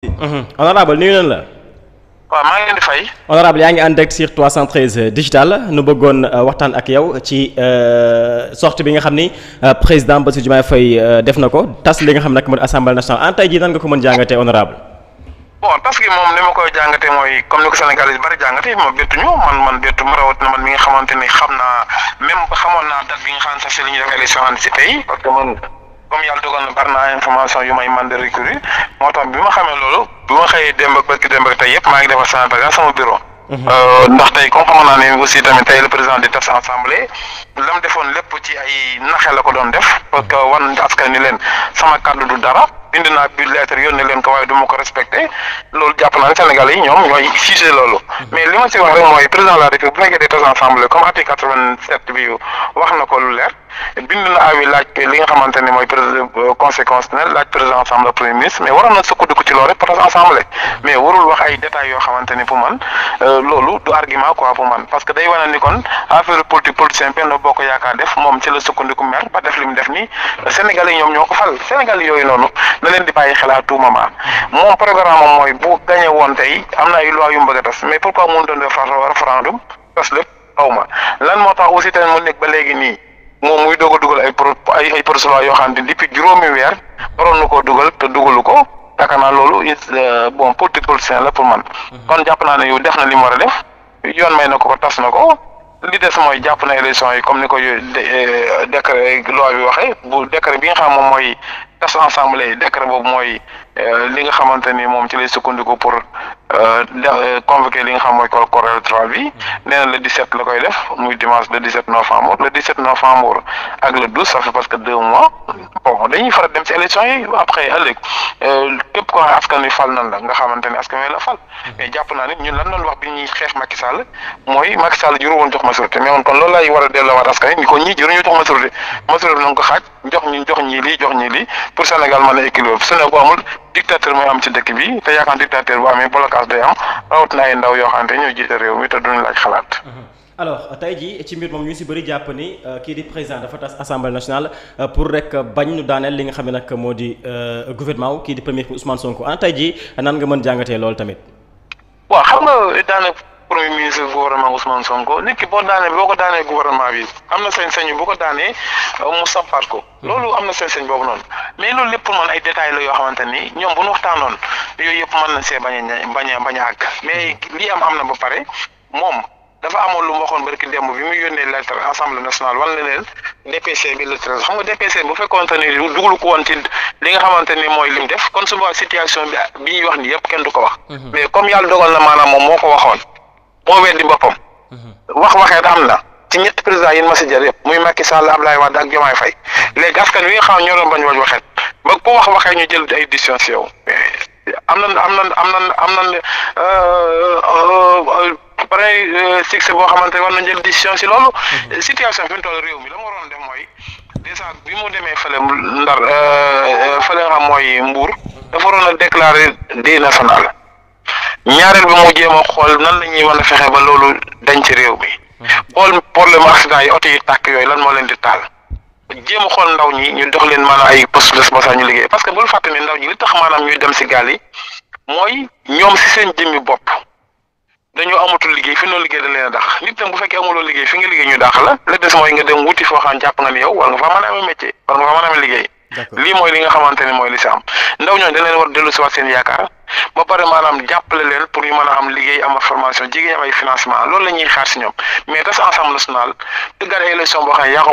Mm-hmm. honorable nuyu nañ la. waa maa ngi leen di fay. honorable yaa ngi ànd ak sur 313 digital nu bëggoon euh, waxtaan ak yow ci euh, sortie bi nga xam ni euh, président Bassirou Diomaye Faye def na ko tas li nga xam nag mooy assemblée nationale en tey jii nan nga ko mën jàngatee honorable bon parce que moom li ma koy jàngatee mooy comme ni ko Sénégal yi bari jàngatee ma bettu ñu man man bettu ma rawat na man mi nga xamante ni xam naa même xamoon naa date bi nga xam ne sax si li ñuy def élection anticipée comme yàlla dogal na bari naa information yu may man de recruter moo tax bi ma xamee loolu bi ma xëyee démb ak barki démb tey yëpp maa ngi defar sama bagage sama bureau. Mhm. Euh, ndax tey comme xam naa ne aussi tamit tey le président di def sa assemblée lam defoon lépp ci ay naxe la ko doon def parce que wan ni leen sama kàddu du dara. bind na bi lettre yónnee leen ko waaye du ma ko respecté loolu jàpp naa ne Sénégalais yi ñoom ñooy figé loolu mhm. mais li ma si wax rek mooy président de la bu nekkee day tas assemblée comme article quatre-vingt-sept bi wax na ko lu leer bind na awi laaj li nga xamante ne mooy euh, conséquence ne laaj président assemblée premier ministre mais waroon na sukkandiku ci loolu rek potos ensemble mais warul wax ay détails yoo xamante ni pour man euh, loolu du argument quoi pour man parce que day wane ni kon affaire politique politicien benn boo ko yaakaar def moom ci la sukkandiku mer ba def li mu def nii Sénégalais ñoom ñoo ko fal Sénégalais yooyu noonu na leen di bàyyi xel à tout moment moom programme mooy bu gagné woon tey am na ay loi yu mu bëgg tas mais pourquoi mu doon def référendum tas lépp xaw lan moo tax aussi tamit mu nekk ba léeg nii moom muy doog a dugal ay pro ay ay procédures yoo xam ne depuis juróomi weer waroon na koo dugal te dugalu ko. yaakaar naa loolu it euh, bon politique politicien la pour man. Mhm. kon jàpp naa ne yow def na li mu war a def yoon may na ko ko tas na ko li des mooy jàpp na élection yi comme ni ko euh, décret loi bi waxee bu décret bi nga xam moom mooy tas ensemble yi décret boobu mooy euh, li nga xamante ni moom ci lay sukkandiku pour convoquer li nga xam mooy corps électoral bi mhm. nee na le 17 la koy def muy dimanche le 17 novembre le 17 novembre ak le douze ça parce que deux mois bon dañuy faral dem ci élection yi après ëllëg euh, képp koo xam askan wi fal nan la nga xamante ne askan la fal mais jàpp naa ne ñun lan doon wax bi ñuy xeex Macky Sall mooy Macky Sall juru woon jox majorité mais woon kon loolu laay war a delloowaat askan wi ko ñii juru ñu jox majorité majorité bi ko xaaj jox ñu jox ñii lii jox ñii lii pour Sénégal mën a équilibre su ne ko amul dictateur mooy am ci dëkk bi te yaakaar dictateur bu amee blocage am rawat na ay ndaw yoo xamante ñoo jiite réew mi te duñu laaj xalaat mm-hmm. alors tey jii ci mbir moom ñu si bëri jàpp ni euh, kii di président dafa tas assemblée nationale euh, pour rek bañ ñu daaneel li nga xam ne nag moo di euh, gouvernement wu kii di premier Ousmane Sonko ah tey jii nan nga mën jàngatee loolu tamit. waa xam nga daanaka premier ministre gouvernement Ousmane Sonko nit ki boo daanee boo ko daanee gouvernement bi am na sañ-sañu boo ko daanee mu sampaat ko hmm. loolu am na sañ boobu noonu mais loolu lépp ay détails la yoo xamante ni ñoom bu ñu waxtaanoon yooyu yëpp mën na see bañ a bañ a bañ a àgg mais hmm. lii am am na ba pare moom. dafa amoon lu mu waxoon barki démb bi muy yónnee lettre assemblée nationale wala leen DPC bi le treize xam nga DPC bu fekkoonte ne duglu ko woon ci li nga xamante ni mooy lim def kon suba situation bi wax ni yëpp kenn du ko wax. Mhm. mais comme yàlla dogal na maanaam moom moo ko waxoon moo weddi boppam. Mhm. wax waxeet am na ci ñetti président yi ma si jël yëpp muy Macky Sall Abdoulaye Wade ak Diomaye Faye mhm. léegi askan wi nga xam ñoo bañ waj waxeet ba ku waxee ñu jël ay décision si am na am nañ am nañ am nañ beneen euh, euh, euh, succès boo xamante ne war nañ jël décision si loolu. Mhm. situation fi mu toll réew mi la mu waroon def mooy dèjà bi mu demee fële ndar fële nga mooy Mbour. dafa waroon a déclarer deuil national ñaareel bi mu jéem a xool nan la ñuy mën a fexe ba loolu dañ ci réew mi. Mhm. xool problème accident yi oto yi tàkk yooyu lan moo leen di taal. jéem a xool ndaw ñi ñu dox leen maanaam ay poste de responsable ñu liggéey parce que bul fàtte ne ndaw ñi li tax maanaam ñuy dem si gaal yi mooy ñoom si seen jëmmi bopp dañoo amatul liggéey fi noo liggéey a dàq nit tam bu ñu dàq la la des mooy nga dem wuti foo xam jàpp nga ni yow war nga faa mën a amee métier war nga faa mën a amee liggéey lii mooy li nga xamante mooy li si am ndaw ñooñu dañ leen war dellu si waat seen yaakaar ba pare maanaam jàppale leen pour ñu mën a am liggéey am formation jigéen am ay financement loolu la ñuy xaar si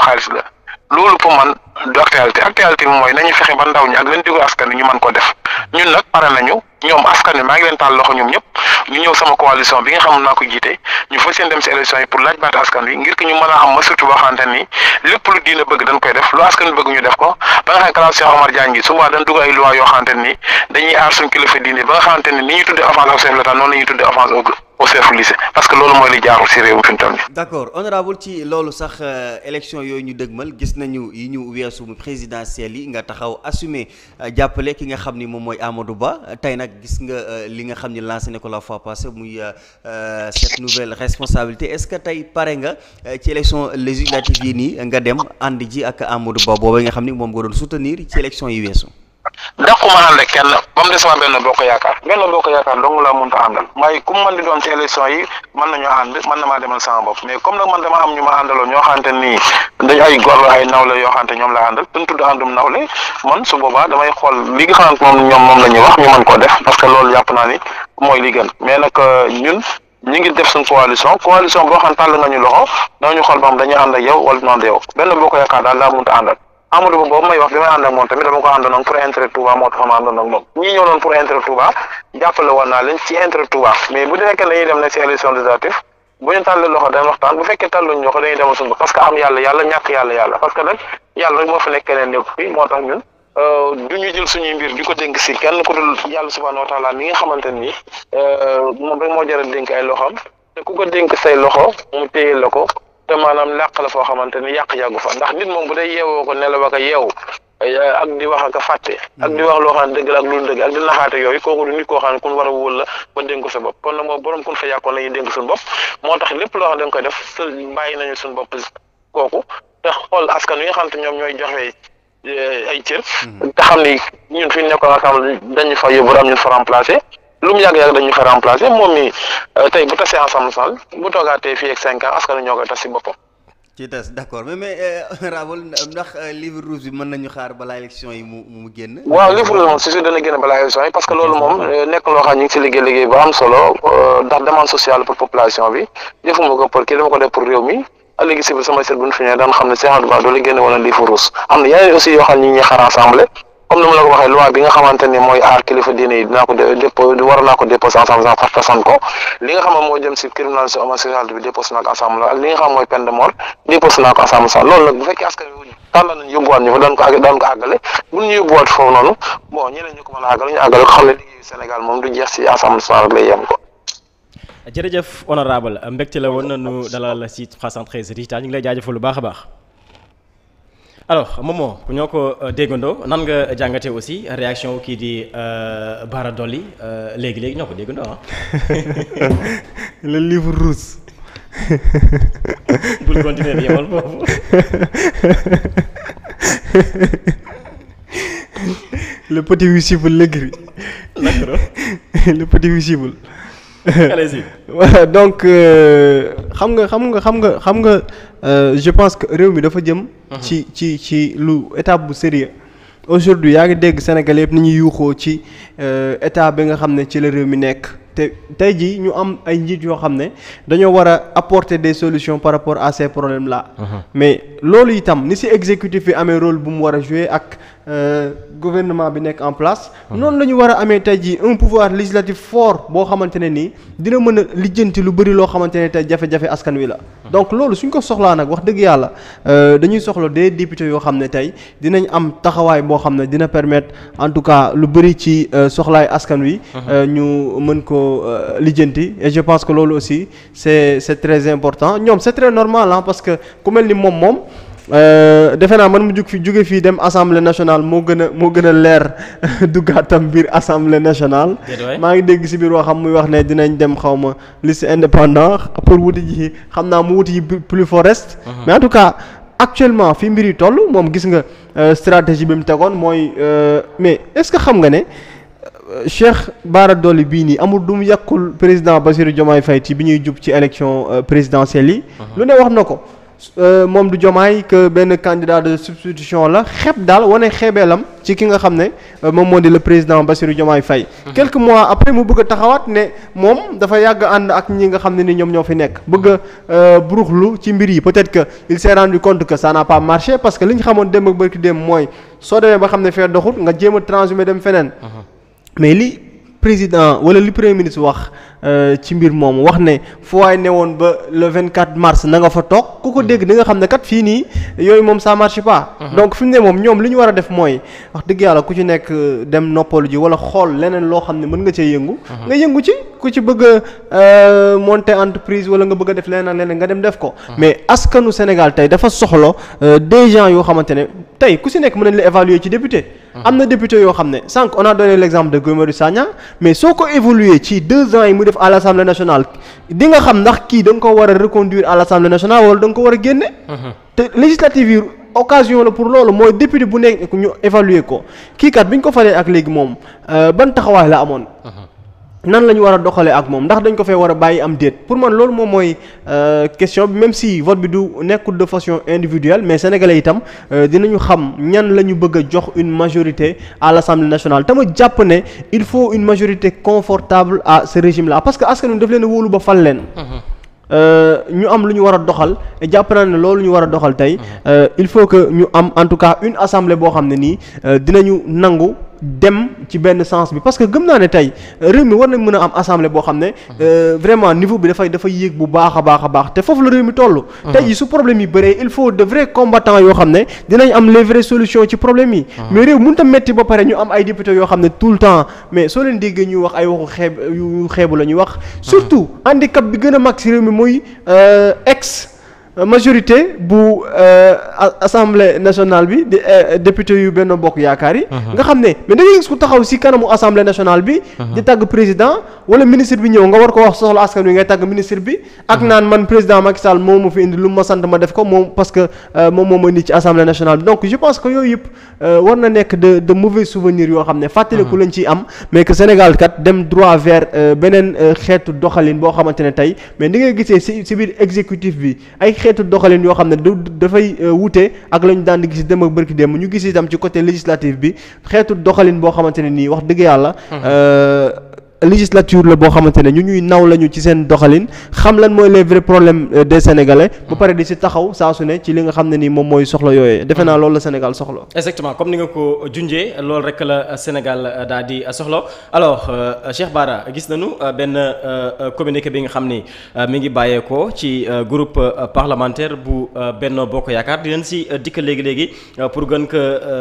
xaalis la loolu pour man du actualité actualité bi mooy nañu fexe ba ndaw ñi ak leen digo askan wi ñu mën ko def ñun nag pare nañu ñoom askan wi maa ngi leen taal loxo ñoom ñëpp ñu ñëw sama coalition bi nga xam naa ko jiite ñu fas yéene dem si élection yi pour laaj baat askan wi ngir que ñu mën a am ma surtout boo ni lépp lu diina bëgg dañ koy def lu askan wi bëgg ñu def ko ba nga xam ne kalaaw Cheikh Omar Diagne gi suba dañ dugg ay loi yoo ni dañuy aar suñu kilifa au chef lycée parce que loolu mooy li jaarul si réew mi fi d' accord honorable ci loolu sax euh, élection yooyu ñu dëgmal gis nañu yi ñu weesu mu présidentielle yi nga taxaw assumer euh, jàppale ki nga xam ni moom mooy Amadou Ba tey nag gis nga euh, li nga xam ni lancé na ko la fois passée muy cette nouvelle responsabilité est ce que tey pare nga ci élection législative yi nii nga dem ànd ji ak Amadou Ba boobu nga xam ni moom nga doon soutenir ci élection weesu. dàquma ànd ak kenn ba des waa benn boo ko yaakaar benn boo ko yaakaar dong laa mënta àndal waaye ku man di doon ci élection yi mën nañoo ànd na maa demal man dama ma àndaloon ñoo xamante ñoom la àndal man su boobaa damay xool li nga xamante moom ñoom moom la wax ñu mën ko def parce que loolu yàpp naa ni mooy li gën euh, ñun ñu ngi def suñ coalition coalition boo xam tàll nga ñu loxo danañu xool ba xam dañuy ànd ak yow wala du ànd yow benn boo ko yaakaar daal laa mënta àndal Amadou Ba boobu may wax bi may ànd ak moom tamit dama ko àndoon ak pour intérêt Touba moo tax ma moom ñi ñëw waxtaan bu fekkee tàlluñ loxo dañuy demal suñu parce que am yàlla yàlla ñàkk yàlla yàlla parce que nag yàlla rek moo fi nekk keneen nekk fi moo tax ñun euh, du ñu ko dénk si kenn ku dul yàlla subhaanahu nga xamante ni euh, moom rek moo jaral dénk ay loxoom te ku ko dénk say loxo mu téye la ko te maanaam làq la foo xamante ni yàq yàggu fa ndax nit moom bu dee yeewoo ko nelaw ak a yeewu ak di wax ak a fàtte ak di mm. wax loo xam ne dëgg la ak lu dëgg ak di naxaate yooyu kooku du nit koo xam ne kun war a wóol la ba dénk ko sa bopp kon moo tax lépp loo xam ne dañ koy def suñu bopp kooku te xool askan wi nga xam te ñoom ñooy joxe eh, ay cër mm. te xam ni ñun fi nekkoon ak am dañu fa yóbbu am ñun fa remplacé lu mu yàgg-yàgg dañu fa remplacer moom mi euh, tey bu tasee ensemble sall bu toogaatee fii ak cinq ans askan ñoo koy tas si boppam ci tas d'accord mais mais euh, Rabol ndax euh, livre rouge bi mën nañu xaar balaa élection yi mu génn. waaw livre rouge moom c'est sûr dana génn balaa élection yi parce que loolu moom nekk loo xam ñu si liggéey liggéey bu am solo ndax demande sociale pour population bi defuma ko pour kii dama ko def pour réew mi léegi si bu ñu comme ni ma la ko waxee loi bi nga xamante mooy aar kilifa diine yi dinaa ko déposé war naa ko déposé ensemble sans façon ko li nga xam mooy peine de naa ko ensemble sax loolu nag bu fekkee askan wi bu ñu yóbbuwaat foofu noonu bon ñeneen ñu ko mën a àggale ñu àggale ko xam ne liggéeyu Sénégal moom du jeex si ensemble sans lay yem ko jërëjëf honorable mbégte la woon nañu dalal si 313 digital ngi lay jaajëfal lu a baax alors Momo ñoo ko euh, déggandoo nan nga jàngatee aussi réaction kii di euh, Bara Dolly euh, léegi léegi ñoo ko déggandoo ah. le livre rouge. bul le petit visible le gris. petit visible. allez-y donc euh, xam nga xam nga xam nga xam nga euh, je pense que réew mi dafa jëm. Mhm. ci ci ci lu étape bu sérieux aujourd'hui yaa ngi dégg Sénégal yëpp ni ñuy yuuxoo ci euh, état bi nga xam ne ci la réew mi nekk te tey jii ñu am ay njiit yoo xam ne dañoo war a apporter des solutions par rapport à ces problèmes là. Mhm. mais loolu itam ni si exécutif bi amee role bu mu war a ak. Euh, gouvernement bi nekk en place. Ah. noonu la ñu war a amee tey jii un pouvoir législatif fort boo xamante ne nii dina mën a lijjanti lu bëri loo xamante ne tey jafe-jafe askan wi la. Ah. donc loolu suñ ko soxlaa nag wax dëgg yàlla euh, dañuy soxla des députés yoo xam ne tey dinañ am taxawaay boo xam ne dina permettre en tout cas lu bëri ci euh, soxlaay askan wi. Ah. ñu mën ko lijjanti et je pense que loolu aussi c'est c'est très important ñoom c'est très normal ah que ku mel ni moom moom. Euh, defe naa man mu jug fi jóge fii dem assemblée nationale moo gën a moo gën a leer duggaatam biir assemblée nationale. maa ngi dégg si biir xam muy wax ne dinañ dem xaw ma liste indépendant pour wuti ji xam naa mu wuti yi plus forest mhm. mais en actuellement fi mbir yi toll moom gis nga euh, stratégie bi mu tegoon mooy euh, mais est-ce que xam nga ne. Cheikh Bara Dolly bii nii amul du mu yàkkul président Bassirou Diomaye Faye yi bi ñuy jub ci élection présidentielle yi. Mhm. wax na ko. Euh, moom du jomaay que benn candidat de substitution la xeeb daal wane xeebeelam ci ki nga xam ne euh, moom moo di le président Bassirou Diomaye Faye mhm. quelques mois après mu bëgg taxawaat ne moom dafa yàgg ànd ak ñi nga xam ne ni ñoom ñoo fi nekk bëgg a euh, buruxlu ci mbir yi peut-être que il s'est rendu compte que ça n'a pas marché parce que li ñu xamoon dem ak bërki démb mooy soo demee ba xam ne fee doxut nga jéem a transhumer dem feneen mhm. mais li président wala li premier ministre wax euh, ci mbir moomu wax ne fu waay ne woon ba le 24 mars na nga fa toog ku ko hmm. dégg di nga xam ne kat fii nii yooyu moom sa marche pas. Hmm. donc fi mu ne moom ñoom li ñu war a def mooy wax dëgg yàlla ku ci nekk euh, dem noppalu ji wala xool leneen loo xam ne mën nga cee yëngu. Hmm. nga yëngu ci ku ci bëgg a euh, monter entreprise wala nga bëgg a def leneen ak leneen nga dem def ko. mais askanu Sénégal tey dafa soxla des gens yoo xamante ne tey ku si nekk mën nañ la évaluer ci député. Mm-hmm. am na député yoo xam ne sànq on a donné l' exemple de Guy Marius Sagna mais soo ko évolué ci deux ans yi mu def à l' assemblée nationale di nga xam ndax kii da nga ko war a reconduire à l' assemblée nationale wala da ko war a génne. Mm-hmm. te législative yi occasion la pour loolu mooy député bu nekk ñu évaluer ko kii bi ñu ko falee ak léegi moom euh, ban taxawaay la amoon. Mm-hmm. nan la ñu war a doxalee ak moom ndax dañ ko fee war a bàyyi am déet pour man loolu moom mooy euh, question bi même si vote bi du nekkul de façon individuelle mais sénégalais itam euh, dinañu xam ñan la ñu bëgg a jox une majorité à l'Assemblée nationale te ma jàpp ne il faut une majorité confortable à ce régime là parce que askan wi daf leen a wóolu ba fal leen. Mm-hmm. Euh, ñu am lu ñu war a doxal jàpp naa ne loolu ñu war a doxal tey. Mm-hmm. il faut que ñu am en tout cas une assemblée boo xam ne nii dinañu nangu. dem ci benn sens bi parce que gëm naa ne tey euh, réew mi war nañ mën a am assemblée boo xam ne. Mhm. Euh, vraiment niveau bi dafay dafay yéeg bu baax a baax a baax te foofu la réew mi toll. Mhm. tey su problème yi bëree il faut de vrais combattants yoo xam ne dinañ am les vraies solutions ci problème yi. Mhm. mais réew mun a métti ba pare ñu am ay députés yoo xam ne tout le temps mais soo leen déggee ñuy wax ay waxu xeeb yu xeebu la ñuy wax. surtout handicap bi gën a mag si réew mi mooy euh, ex. Euh, majorité bu euh, assemblée nationale bi di euh, député yu benn bokk yaakaar yi. Uh-huh. nga xam ne mais da ngay gis ku taxaw si kanamu assemblée nationale bi. di uh-huh. tagg président wala ministre bi ñëw nga war ko wax soxla askan wi ngay tagg ministre bi. ak uh-huh. naan man président Macky Sall moom ma fi indi lu ma sant ma def ko moom parce que moom moo ma indi ci assemblée nationale bi donc je pense que yooyu yëpp war na nekk de de mauvais yoo xam ne. fàttaliku lañ ciy am mais que Sénégal kat dem droit vers beneen xeetu doxalin boo xamante ne tey mais ni ngay gisee si si biir exécutif bi ay. xeetu doxalin yoo xam ne du dafay euh, wute ak la ñu daan gis dem ak bërki dem ñu gis itam ci côté législatif bi xeetu doxalin boo xamante ne nii wax dëgg yàlla mhm. euh, législature la boo xamante ne ñu ñuy naw lañu ci seen doxalin xam lan mooy les vrais problèmes euh, des sénégalais. ba pare di si taxaw saa su ne ci li nga xam ne nii moom mooy soxla yooyee. defe naa lool la Sénégal soxla. exactement comme ni nga ko junjee loolu rek la Sénégal daal di soxla alors euh, Cheikh Bara gis nañu euh, benn communiqué bi nga xam ni mi ngi bàyyeekoo ci groupe parlementaire bu benn Bokk Yaakaar di leen si dikk léegi léegi pour gën ko